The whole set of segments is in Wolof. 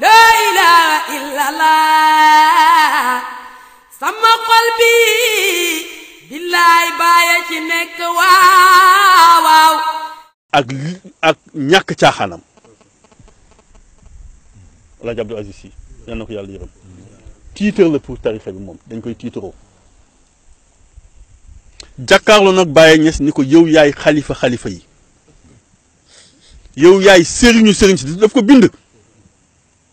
laa ilaaha illallah sama xol bi billaay bàyyi ci nekk waaw. ak li caaxaanam El Hadj Abdou Aziz na ko yàlla yërëm tiitar la pour tarixa bi moom dañ koy tiitaroo jàkkaarloo nag Baye Niass ni ko yow yaay xalifa xalifa yi yow yaay sëriñu sëriñ si daf ko bind.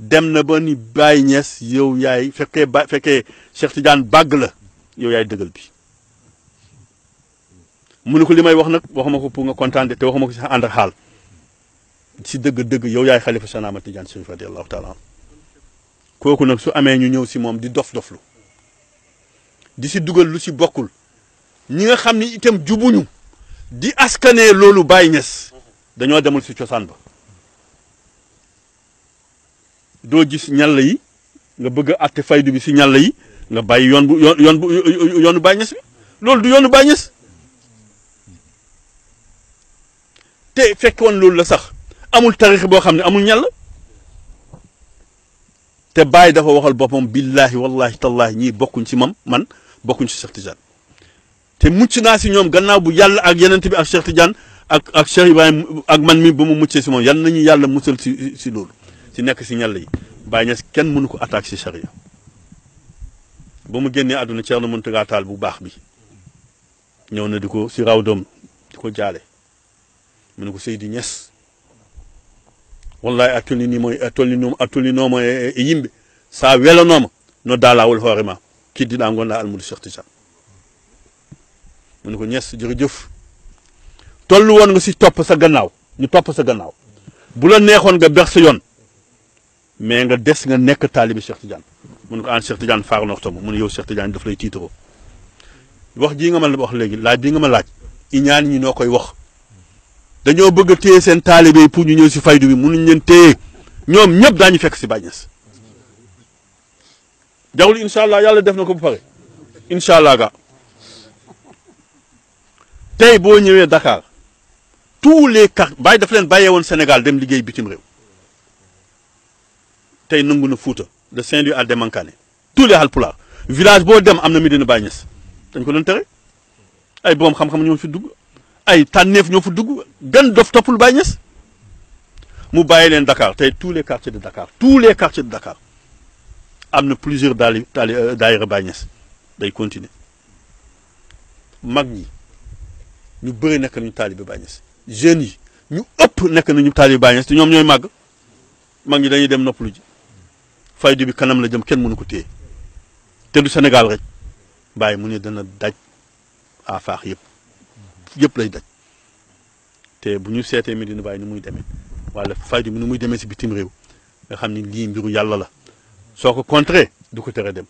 dem na ba ni Baye Niass yow yaay fekkee ba fekkee Cheikh Tidiane bàgg la yow yaay dëggal bi mu ko li may wax nag waxuma ko pour nga kontaan te waxuma ko si ànd xaal si dëgg-dëgg yow yaay xalifa sanaama Tidiane Chérif radiyallahu taala kooku nag su amee ñu ñëw si moom di dof-doflu di si dugal lu si bokkul ñi nga xam ni itam jubuñu di askanee loolu Baye Niass dañoo demul si cosaan ba doo gis ñalla yi nga bëgg a àtte faydu bi si ñàll yi nga bàyyi yoon bu yoon yoon bu yoonu Baay Ñas bi loolu du yoonu Baay Ñas te fekk woon loolu la sax amul tarix boo xam ne amul ñàll te bàyyi dafa waxal boppam billaahi wallaahi tallaahi ñii bokkuñ si mam man bokkuñ si Cheikh te mucc naa si ñoom gannaaw bu yàlla ak yenent bi ak Cheikh Tidiane ak ak Cheikh Ibrahim ak man mi ba mu muccee si moom yal nañu yàlla musal si si loolu ci nek ci ñal yi bàyyi ñes kenn mënu ko attaque ci sharia bu mu génnee àdduna Ceerno Muntaga gatal bu baax bi ñew na diko ci raw dom diko jalé mënu ko Seydi ñess wallahi atul ni moy ni num atul ni nomo e eh, yimbe sa nomo no horima hoore ma ngona al mudu cheikh tijan mënu ko ñes jëf tollu won nga si top sa gannaaw ñu top sa gannaaw bu la neexon nga ber sa mais nga des nga nekk taalibi Cheikh Tidiane mu ne ko aan Cheikh Tidiane faar noxtam mu ne yow Cheikh Tidiane daf lay tiitaroo wax jii nga ma wax léegi laaj bi nga ma laaj i ñaan ñi noo koy wax dañoo bëgg a téye seen taalibe yi pour ñu ñëw si faydu bi mënuñ leen téye ñoom ñëpp daañu fekk si bàññees jawul incha allah yàlla def na ko bu pare incha allah ga tey boo ñëwee Dakar tous les quartiers bàyyi dafa leen bàyyee woon Sénégal dem liggéey bitim réew tay nangu na fouta de Saint-Louis à Démankané tous les halpula village bo dem amna na Médina Baye dañ ko doon tere ay borom xam-xam ñoo fi dugg ay tanef ñoo fi dugg benn dof topul Baye mu baye len Dakar tay tous les quartiers de Dakar tous les quartiers de Dakar am plusieurs daali daali euh, daayira day continuer mag ñu bëri nak ñu talib Baye jeunes ñu upp nak ñu talib Baye ñom ñoy mag ñi dañuy dem noppalu ji. faydu bi kanam la jëm kenn mënu ko téye te du Sénégal rek bàyyi mu ne dana daj a afaax yëpp yëpp lay daj te bu ñu seetee Medina Baye ni muy demee wala faydu bi nu muy demee si bitim réew nga xam ni lii mbiru yàlla la soo ko contré du ko tere dem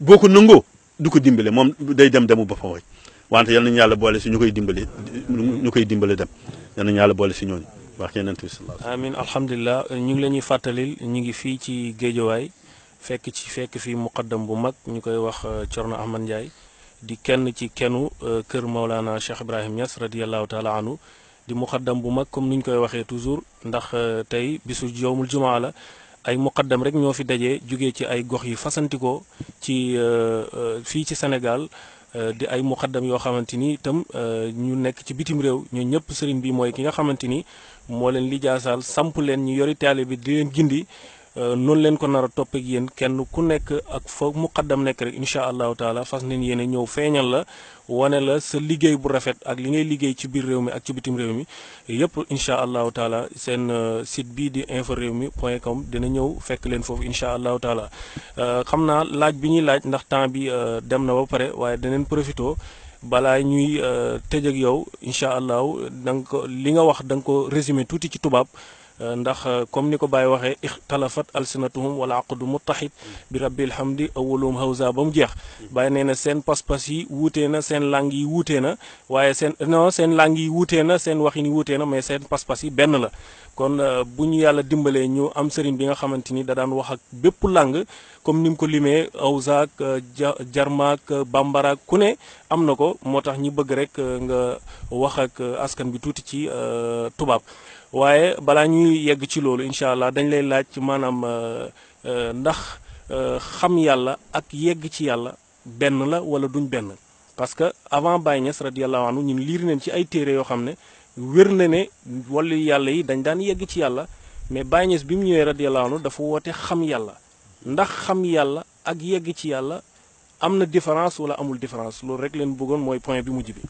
boo ko nangoo du ko dimbale moom day dem demu boppam rek wante yal nañu yàlla boole si ñu koy dimbale ñu koy dimbale dem yal nañu yàlla boole si ñooñu. barke yonent bi sallallahu ñu ngi la ñuy fàttalil ñu ngi fii ci géejawaay fekk ci fekk fii muqaddam bu mag ñu koy wax euh, Thierno Ahmad Ndiaye di kenn ci kenu euh, kër Maulana Cheikh Ibrahim Niass radiyallahu taala anhu di muqaddam bu mag comme ni koy waxee toujours ndax euh, tey bisu yowmul jumaa la ay muqaddam rek ñoo fi dajee jóge ci ay gox yi fasantikoo ci fii ci senegal di ay muqaddam yoo xamante ni itam ñu nekk ci bitim réew ñun ñëpp sëriñ bi mooy ki nga xamante ni moo leen lijaasaal samp leen ñu yori taali bi di leen gindi euh, noonu leen ko nara a topp ak yéen kenn ku nekk ak foog muqaddam nekk rek incha allahu taala fas nañ yéene ñëw feeñal la wane la sa liggéey bu rafet ak li ngay liggéey ci biir réew mi ak ci bitim réew mi yëpp incha allahu taala seen euh, sit bii di info réew mi point com dina ñëw fekk leen foofu incha allahu taala euh, xam naa laaj bi ñuy laaj ndax temps bi dem na ba pare waaye daneen profito balaa ñuy euh, tëj ak yow incha allahu da nga ko li nga wax da nga ko résumé tuuti ci tubaab ndax euh, comme ni ko Baye waxee ixtalafat alsinatuhum wala aqdu muttaxid bi rabbil hamdi awwalum hawza ba mu jeex Baye nee na seen pas yi wuutee na seen lang yi wuutee na waaye seen non seen lang yi wuutee na seen waxin yi wuutee na mais seen pas-pas yi benn la kon euh, bu ñu yàlla dimbalee ñu am sëriñ bi nga xamante ni da wax ak bépp làng comme ni mu ko limee awsaak euh, jarmaak bambaraak ku ne am na ko moo tax ñi bëgg rek nga wax ak askan bi tuuti ci tubaab waaye balaa ñuy yegg ci loolu incha allah dañ lay laaj maanaam euh, euh, ndax euh, xam yàlla ak yegg ci yàlla benn la wala duñ benn parce que avant Baye Niass radiyallahu anhu ñun liir nañ ci ay téere yoo xam ne wér na ne wala yàlla yi dañ daan yegg ci yàlla mais Baye bi mu ñëwee radiyallahu anhu dafa woote xam yàlla ndax xam yàlla ak yegg ci yàlla am na différence wala amul différence loolu rek leen bëggoon mooy point bi mujj bi.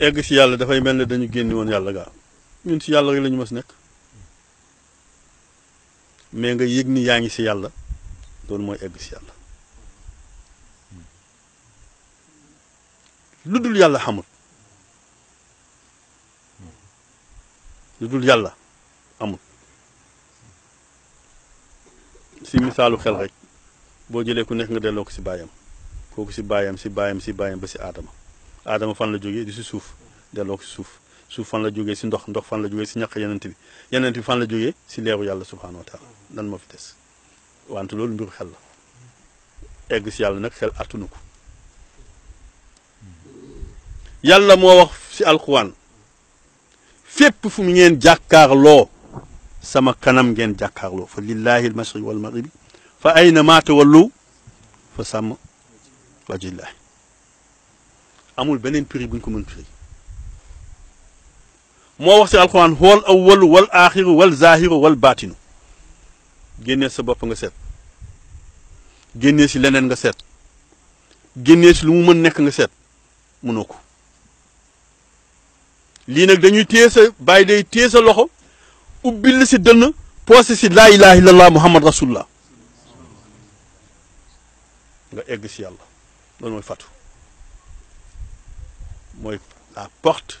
egg ci yàlla dafay mel ne dañu génn woon yàlla gaa ñun si yàlla rek la ñu mës nekk mais nga yëg ni yaa ngi si yàlla loolu mooy egg si yàlla lu dul yàlla xamul lu dul yàlla si misaalu xel rek boo jëlee ku nekk nga delloo ko si baayam kooku si baayam si baayam si baayam ba si aadama aadama fan la jógee di si suuf delloo ko si suuf suuf fan la jógee si ndox ndox fan la jógee si ñaq yenent bi yenent bi fan la jógee si leeru yàlla subhaanahu wa taala lan moo fi des wante loolu mbiru xel la egg si yàlla nag xel attunu ko yàlla moo wax si alquran fépp fu mu ngeen jàkkaarloo sama kanam ngeen jàkkaarloo fa lillahi al mashriq wal maghribi fa ayna ma tawallu fa sàmm wajillahi amul beneen prix bu ñu ko mën firi moo wax si alxuraan xool awwalu wal aaxiru wal zaahiru wal baatinu génnee sa bopp nga seet génnee si leneen nga seet génnee si lu mu mën nekk nga seet mënoo ko lii nag dañuy téye sa bàyyi day téye sa loxo ubbil si dënn poose si laa ilaha illallah muhammad rasulullah nga egg si yàlla loolu mooy fatu mooy la porte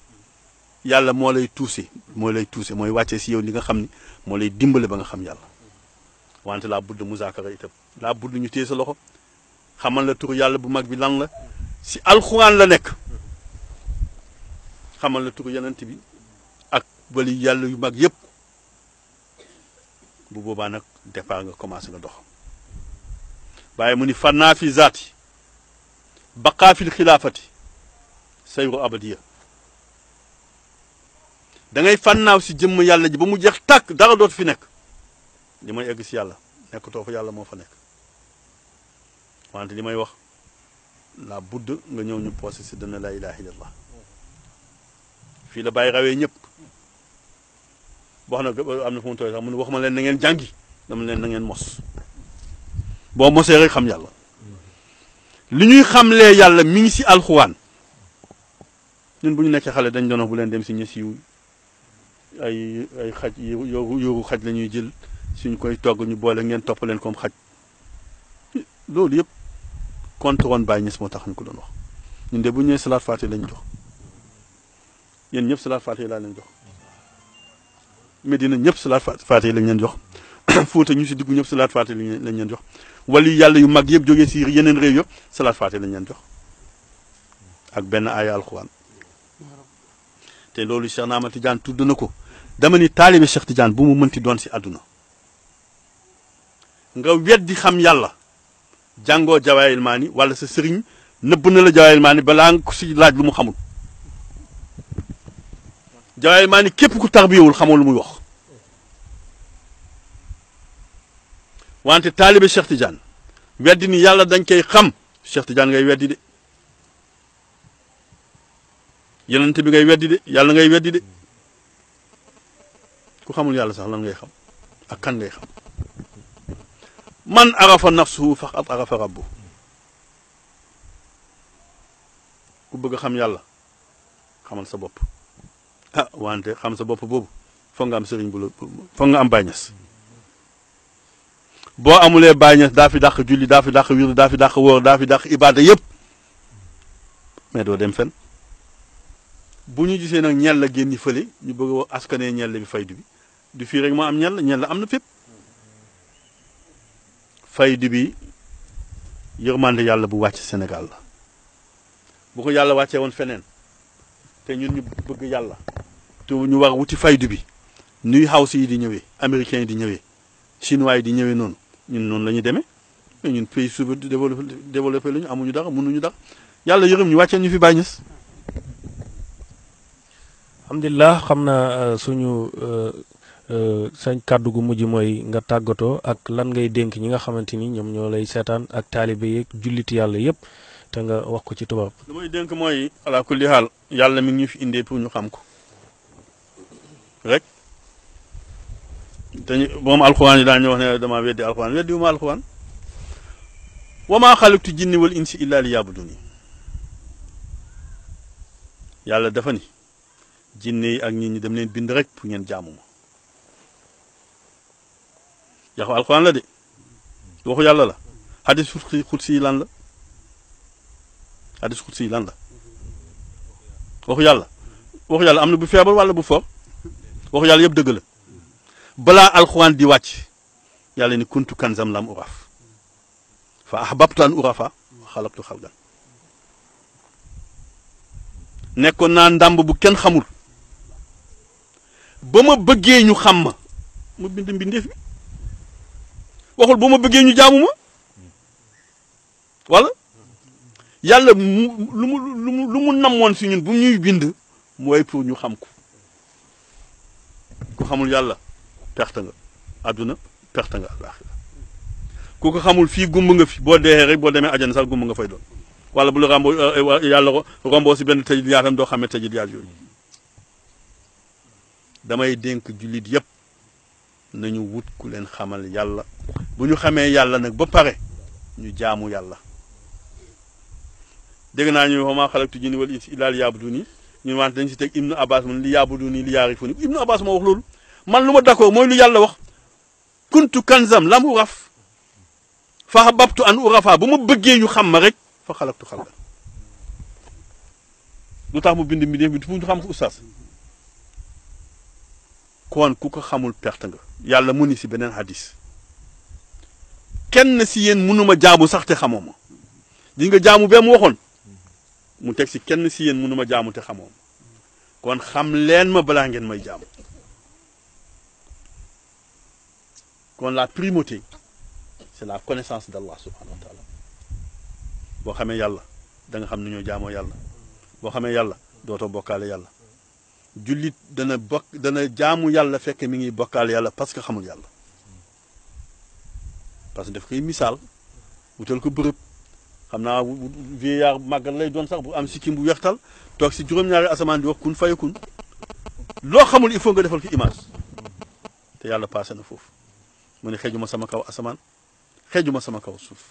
yàlla mo lay tuuse moo lay tuuse moy waccé ci yow li nga xamni mo lay dimbale ba nga xam yàlla wante la budd muzakara ité la budd ñu téye loxo xamal la tour yàlla bu mag bi lan la ci alcorane la nek xamal la tour yenente bi ak wali yàlla yu mag yépp bu boba nak départ nga commencé nga dox baye muni ni fannaa fi zaati baqaa fil khilafati sayru abadiyah da ngay fànnaaw si jëmm yàlla ji ba mu jeex tàkk dara dootu fi nekk li may egg si yàlla nekkatoo fa yàlla moo fa nekk wante li may wax la budd nga ñëw ñu poosé si dana laa ilaha illallah fii la bàyyi rawee ñëpp wax na am na fu mu tooy sax mu ne wax ma leen na ngeen jàngi dama leen na ngeen mos boo mosee rek xam yàlla li ñuy xamlee yàlla mi ngi si alxuwaan ñun bu ñu nekkee xale dañ doon bu leen dem si ña siiw ay ay xaj yoo yoo xaj la ñuy jël suñ koy togg ñu boole ngeen topp leen comme xaj loolu yëpp contre woon Baye Niass moo tax ñu ko doon wax ñun de bu ñëwee salaat faati lañ jox yéen ñëpp salaat faati laa leen jox Medina ñëpp salaat faati lañ leen jox Fuuta ñu si dugg ñëpp salaat faati lañ leen jox wala yàlla yu mag yëpp jógee si yeneen réew yëpp salaat faati lañ leen jox ak benn aaya alxuraan te loolu Cheikh Ahmad Tidiane tudd na ko dama ni taalibe Cheikh Tidiane bu mu mënti doon si àdduna nga weddi xam yàlla jàngoo jawaayil maa ni wala sa sëriñ nëbb na la jawaayil maa ni balaa nga ko si laaj lu mu xamul jawaayil maa ni képp ku tarbiyewul xamoo lu muy wax wante taalibe Cheikh Tidiane weddi ni yàlla dañ koy xam Cheikh Tidiane ngay weddi de yonent bi ngay weddi de yàlla ngay weddi de ku xamul yàlla sax lan ngay xam ak kan ngay xam man arafa nafsuhu faqat arafa rabbu ku bëgg xam yàlla xamal sa bopp ah wante xam sa bopp boobu foog nga am sëriñ bu la foog nga am bàññas boo amulee bàññas daa fi dàq julli daa fi dàq wir daa fi dàq wóor daa fi dàq ibaada yëpp mais doo dem fen bu ñu gisee nag ñel la génn fële ñu bëgg a askanee ñel bi faydu bi du fii rek moo am ñel ñel am na fépp faydu bi yërmande yàlla bu wàcc Sénégal la bu ko yàlla wàccee woon feneen te ñun ñu bëgg yàlla te ñu war wuti faydu bi nuy Hausa yi di ñëwee américain yi di ñëwee chinois yi di ñëwee noonu ñun noonu la deme demee mais ñun pays sous-développé développé la ñu amuñu dara mënuñu dax yàlla yërëm ñu wàccee ñu fi bàyyi ñës. alhamdulilah xam na euh, suñu. Euh, Euh, sañ kaddu gu mujj moy nga tagoto ak lan ngay denk ñi nga xamanteni ñom ñolay sétane ak talibé yeeg julliti yalla yépp té nga wax ko ci tubaab. lu denk moy ala kulli hal yalla mi ngi fi indé pour ñu xam ko rek bo am alquran yi daañu wax né dama wéddi alquran wéddi wu ma ti wa jinni wal insi illa liyabuduni yalla dafa ni jinni ak nit ñi dem leen bind rek pour ñen jaamuma waxu alquran la de waxu yàlla la hadis xudsi lan la hadis xudsi lan la waxu yàlla waxu yàlla am na bu feebar wala bu fo waxu yàlla yëpp dëgg la balaa alquran di wàcc yàlla ni kuntu kanzam lam uraf fa ahbabtu an urafa xalaqtu xalgan nekkoon naa ndàmb bu kenn xamul ba ma bëggee ñu xam ma mu bind mbindeef bi waxul buma ñu wala yalla lu mu lu mu si ñun bu ñuy bind moy pour ñu xam ko ku xamul yalla perte nga aduna perte nga ku ko xamul fi nga fi bo déxé rek nga fay doon wala bu la eh, si ben yaatam do xamé vous damay dénk julit yépp nañu wut ku leen bu ñu xamee yàlla nag ba pare ñu jaamu yàlla degg naa ñu wa maa xalaqtu jinni wal insa illaa liyaabuduni ñun wante dañ si teg ibnu abbas mu ne li yaabuduni li yaarifuni ibnu abbas moo wax loolu man lu ma d'accord mooy lu yàlla wax kuntu kanzam lam raf fa hababtu an urafa bu ma bëggee ñu xam ma rek fa xalaqtu xalqan lu tax mu bind mbindeef bi du ñu xam ko oustaz ku ko xamul perte nga yàlla mu ni si beneen hadis kenn si yéen mënuma jaamu sax te xamoo ma di nga jaamu bee mu waxoon mu teg si kenn si yéen mënuma jaamu te xamoo ma kon xam leen ma balaa ngeen may jaamu kon la primauté c'est la connaissance d'Allah subhanahu wa taala boo xamee yàlla danga xam ni ñoo jaamoo yàlla boo xamee yàlla dootoo bokkaale yàlla jullit dana bokk dana jaamu yàlla fekk mu ngi bokkaale yàlla parce que xamul yàlla parce que daf koy misaal wutal ko bërëb xam naa vieillard màggal lay doon sax bu am sikkim bu wextal toog si juróom-ñaari asamaan di wax kun fayakun loo xamul il faut nga defal ko image te yàlla paase na foofu mu ne xeejuma sama kaw asamaan xeejuma sama kaw suuf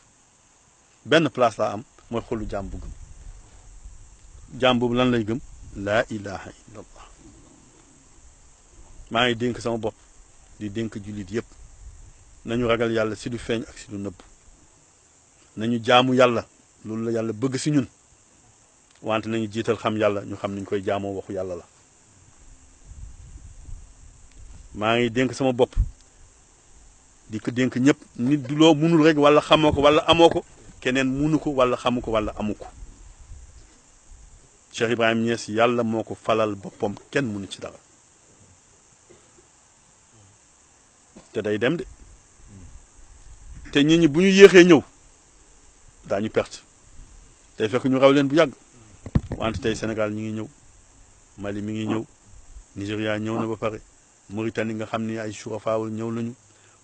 benn place laa am mooy xolu jaam bu gëm jaam boobu lan lay gëm laa ilaha illallah maa ngi dénk sama bopp di dénk jullit yépp nañu ragal yalla ci du feñ ak ci du neub nañu jaamu yalla loolu la yalla bëgg ci ñun wante nañu jital xam yalla ñu xam niñ koy jaamo waxu yalla la maa ngi denk sama bopp di ko denk ñëpp nit du loo munul rek wala xamoo ko wala amoo ko keneen munu ko wala xamu ko wala amu ko cheikh ibrahim ñees yalla moko falal boppam kenn munu ci dara te day dem de te nit ñi bu ñu yéexee ñëw daañu perte tey fekk ñu raw leen bu yàgg wante tey Sénégal ñu ngi ñëw Mali mi ngi ñëw Nigéria ñëw na ba pare Mauritanie nga xam ni ay surafaawul ñëw nañu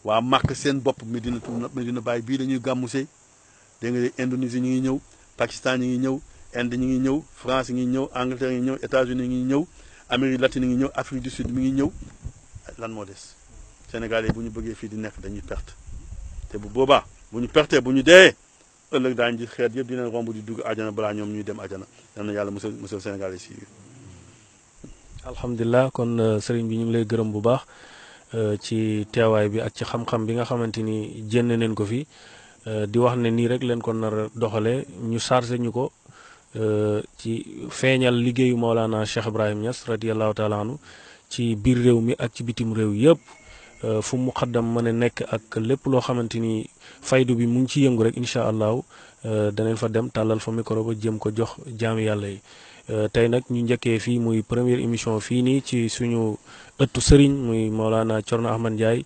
waa Màkk seen bopp Medina Tour Medina Baye bii dañuy gàmmu see dégg nga Indonésie ñu ngi ñëw Pakistan ñu ngi ñëw Inde ñu ngi ñëw France ñu ñëw Angleterre ñu ngi ñëw États-Unis ñu ngi ñëw Amérique latine ñu ngi ñëw Afrique du Sud mi ngi ñëw lan moo des Sénégalais bu ñu bëggee fii di nekk dañuy perte. té bu boba bu ñu pertee bu ñu dee ëllëg daañu gis xeet yëpp dinañ romb di dugg ajana bala ñom ñuy dem aljana yal yalla yàlla musal Sénégal yi alhamdullah kon euh, sëriñ bi ñu lay gërëm bu baax euh, ci téway bi ak ci xam-xam bi nga xamanteni jënn nañ ko fi euh, di wax né ni rek leen ko nar doxale ñu sarsé ñuko ci feeñal liggéeyu maulana Cheikh Ibrahim Niass radiyallahu taala anu ci bir réew mi ak ci bitim rew yépp Euh, fu muqaddam ma a nekk ak lépp loo xamante ni faydu bi mu ngi ci yëngu rek incha allahu euh, danañ fa dem tàllal fa micro ba jëm ko jox jaami yàlla yi. Euh, tey nag ñu njëkkee fii muy première émission fii nii ci suñu ëttu sëriñ muy Maolana Thierno Ahmed Ndiaye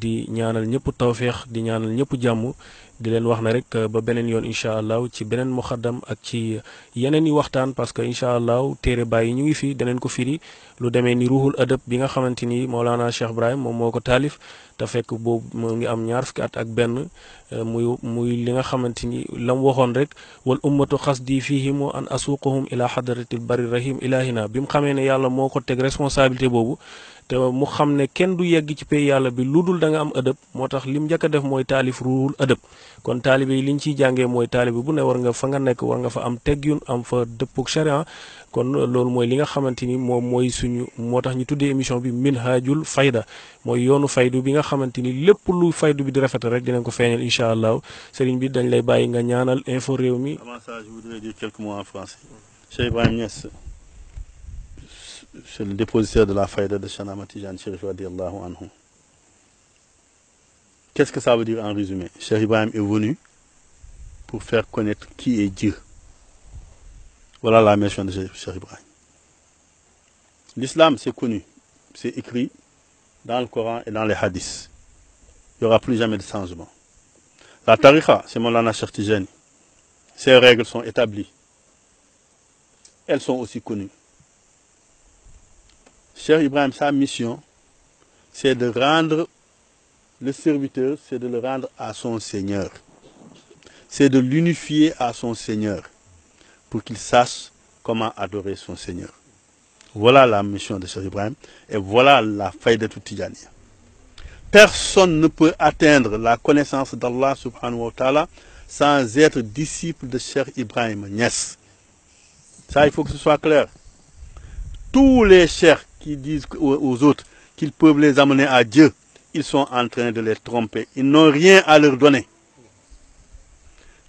di ñaanal ñëpp tawféex di ñaanal ñëpp jàmm. di leen wax na rek ba benen yoon inshallah ci benen muxaddam ak ci yeneen i waxtaan parce que inshallah téré bay ñu ngi fi daneen ko firi lu démé ni ruhul adab bi nga xamanteni ni Mawlana Cheikh Ibrahim mom moko talif ta fekk bo mo ngi am ñaar fukki at ak ben muy muy li nga xamanteni lam waxon rek wal ummatu khasdi fihim an asuquhum ila hadratil barir rahim ilahina bim xamé ne yàlla moko ko teg responsabilité bobu te mu xam ne kenn du yegg ci pay yàlla bi lu dul danga am ëdëb moo tax lim njëkk a def mooy taalif ruul ëdëb kon taalibe yi li ñu ciy jàngee mooy taalibe bu ne war nga fa nga nekk war nga fa am teg teggin am fa dëppug sharia kon loolu mooy li nga xamante ni moom mooy suñu moo tax ñu tuddee émission bi minhajul fayda mooy yoonu faydu bi nga xamante ni lépp lu faydu bi di rafet rek dinañ ko feeñal incha allah sëriñ bi dañ lay bàyyi nga ñaanal info réew mi. Cheikh Ibrahim Niass c'est le dépositaire de la faïda de Shanama Tijan Sherif anhu. Qu'est-ce que ça veut dire en résumé Cheikh Ibrahim est venu pour faire connaître qui est Dieu. Voilà la mission de Cheikh Ibrahim. L'islam, c'est connu, c'est écrit dans le Coran et dans les hadiths. Il n'y aura plus jamais de changement. La tariqa, c'est mon lana Ses Ces règles sont établies. Elles sont aussi connues. Cher Ibrahim, sa mission, c'est de rendre le serviteur, c'est de le rendre à son Seigneur. C'est de l'unifier à son Seigneur pour qu'il sache comment adorer son Seigneur. Voilà la mission de Cher Ibrahim et voilà la faille de tout Tidjani. Personne ne peut atteindre la connaissance d'Allah subhanahu wa ta'ala sans être disciple de Cher Ibrahim Ça, il faut que ce soit clair. Tous les chers qui disent aux autres qu'ils peuvent les amener à Dieu, ils sont en train de les tromper. Ils n'ont rien à leur donner.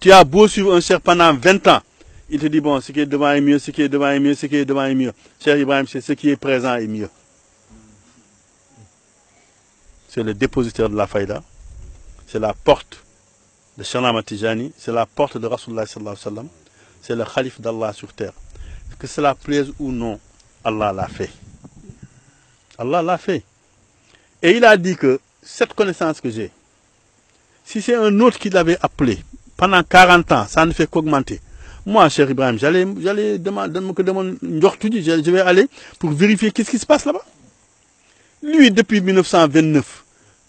Tu as beau suivre un cher pendant 20 ans, il te dit, bon, ce qui est devant est mieux, ce qui est devant est mieux, ce qui est devant est mieux. Cher Ibrahim, c'est ce qui est présent est mieux. C'est le dépositaire de la faïda. C'est la porte de Shalam Tijani. C'est la porte de Rasulullah sallallahu alayhi wa sallam. C'est le calife d'Allah sur terre. Que cela plaise ou non, Allah l'a fait. Allah l'a fait. Et il a dit que cette connaissance que j'ai, si c'est un autre qui l'avait appelé pendant 40 ans, ça ne fait qu'augmenter. Moi, cher Ibrahim, j'allais, demander, je vais aller pour vérifier qu'est-ce qui se passe là-bas. Lui, depuis 1929,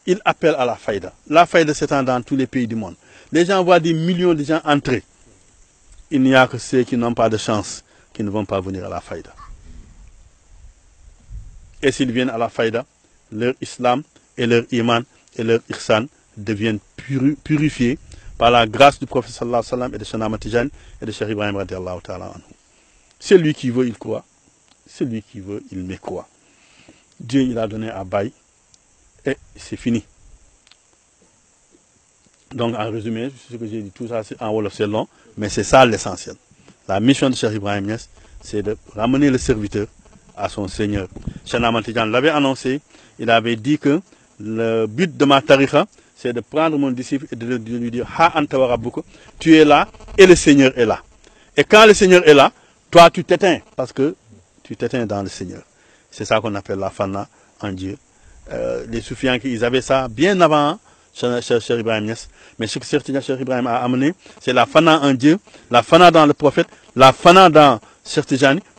il appelle à la faïda. La faïda s'étend dans tous les pays du monde. Les gens voient des millions de gens entrer. Il n'y a que ceux qui n'ont pas de chance qui ne vont pas venir à la faïda. Et s'ils viennent à la faïda, leur islam et leur iman et leur ihsan deviennent purifiés par la grâce du prophète sallallahu alayhi wa sallam et de son amatijan et de Cheikh Ibrahim radiallahu ta'ala anhu. Celui qui veut, il croit. Celui qui veut, il met croit. Dieu, il a donné à bail et c'est fini. Donc, en résumé, ce que j'ai dit, tout ça, c'est en Wolof, c'est long, mais c'est ça l'essentiel. La mission de Cheikh Ibrahim c'est de ramener le serviteur à son Seigneur. Chanam l'avait annoncé, il avait dit que le but de ma tariqa, c'est de prendre mon disciple et de lui dire, ha tu es là et le Seigneur est là. Et quand le Seigneur est là, toi tu t'éteins, parce que tu t'éteins dans le Seigneur. C'est ça qu'on appelle la fana en Dieu. Euh, les soufiants, ils avaient ça bien avant, hein, cher, Ibrahim Mais ce que cher Ibrahim a amené, c'est la fana en Dieu, la fana dans le prophète, la fana dans Cher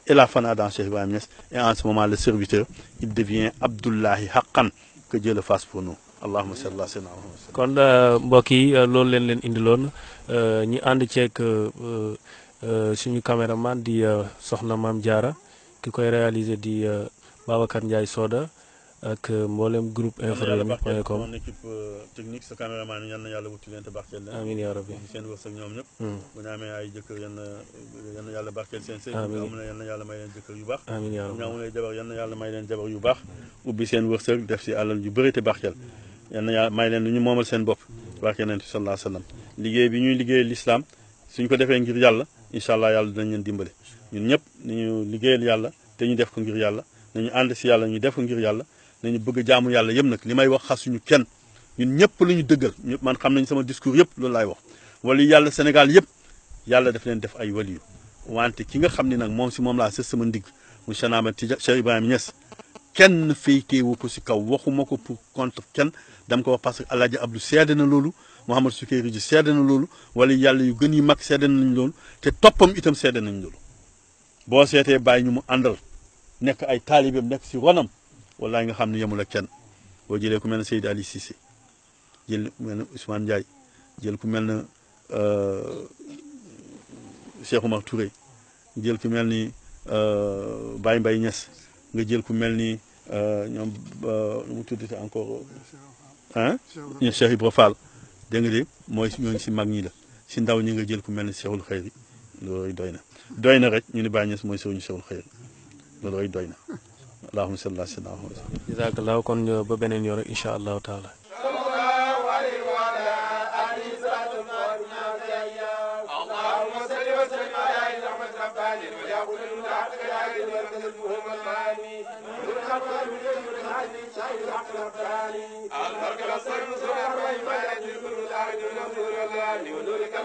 et la Fana dans Cheikh Ibrahim Niass. Et en ce moment, le serviteur, il devient Abdullahi Haqqan, que Dieu le fasse pour nous. allahumma salli ala sayyidina Muhammad. kon euh, mbokk yi euh, loolu leen leen indiloon euh, ñu ànd ceeg suñu caméraman di soxna Maam Jaara ki koy réaliser di Babacar Ndiaye Soda. ak euh, mboolem groupe info rewmi point com mon équipe euh, technique sa caméraman yi ñaan na yàlla wuti leen te barkeel leen amiin seen wërsëg ñoom ñëpp hmm. bu ñu ay jëkkër yan na yàlla barkeel seen sëy yan na yàlla may leen yu baax amiin yaa rabbi bu ñu amul ay jabar yan na yàlla may leen jabar yu baax ubbi seen wërsëg def si àlal yu bëri te barkeel yan na yàlla may leen lu ñu moomal seen bopp barkeel leen sallallahu alayhi liggéey bi ñuy liggéey l'islam suñ ko defee ngir yàlla incha allah yàlla dinañ leen dimbale ñun ñëpp ñu liggéeyal yàlla def ko ngir yàlla nañu si yàlla ñu def ko ngir nañu bëgg jaamu yàlla yëpp nag li may wax xasuñu kenn ñun ñëpp la ñu dëggal ñëpp man xam nañ sama discours yëpp loolu laay wax wala yàlla Sénégal yëpp yàlla daf leen def ay waliyu wante ki nga xam ni nag moom si moom laa sës sama ndigg mu Cheikh Ahmed Tidiane Cheikh Ibrahima Niass kenn féyteewu ko si kaw waxuma ko pour contre kenn dama ko wax que El Hadj Abdou na loolu Mouhamed Soukeyri ji seede na loolu wala yàlla yu gën yi mag seede nañ loolu te toppam itam seede nañ loolu boo seetee bàyyi ñu mu àndal nekk ay taalibeem nekk si ronam wallahi nga xamni ne ak kenn bo jëlee ku mel seyd Ali Cissé jël ku mel Ousmane Ndiaye jël ku mel euh Cheikh Oumar Touré jël ku melni euh Baye Mbaye Niass nga jël ku melni euh ñom euh, nu mu tuddati encore hein ñoom Cheikh ibrahim Fall de nga de moy ñooñu ci mag ñi la ci ndaw ñi nga jël ku melni ni Cheikhul Xayri loolu doy na doy na rek ñu ne Baye Niass mooy sewuñu Cheikhul Xayri doy doyna allahumma salli ala sayyidina Muhammad. jazakallah kon ba beneen yoon rek incha allahu taala.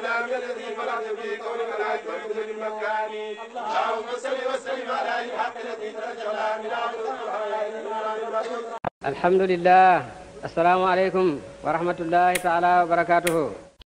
كلام الذي بلغت به كونك لا يدرك من مكاني اللهم صل وسلم على الحق الذي ترجعنا من عبدك الحمد لله السلام عليكم ورحمة الله تعالى وبركاته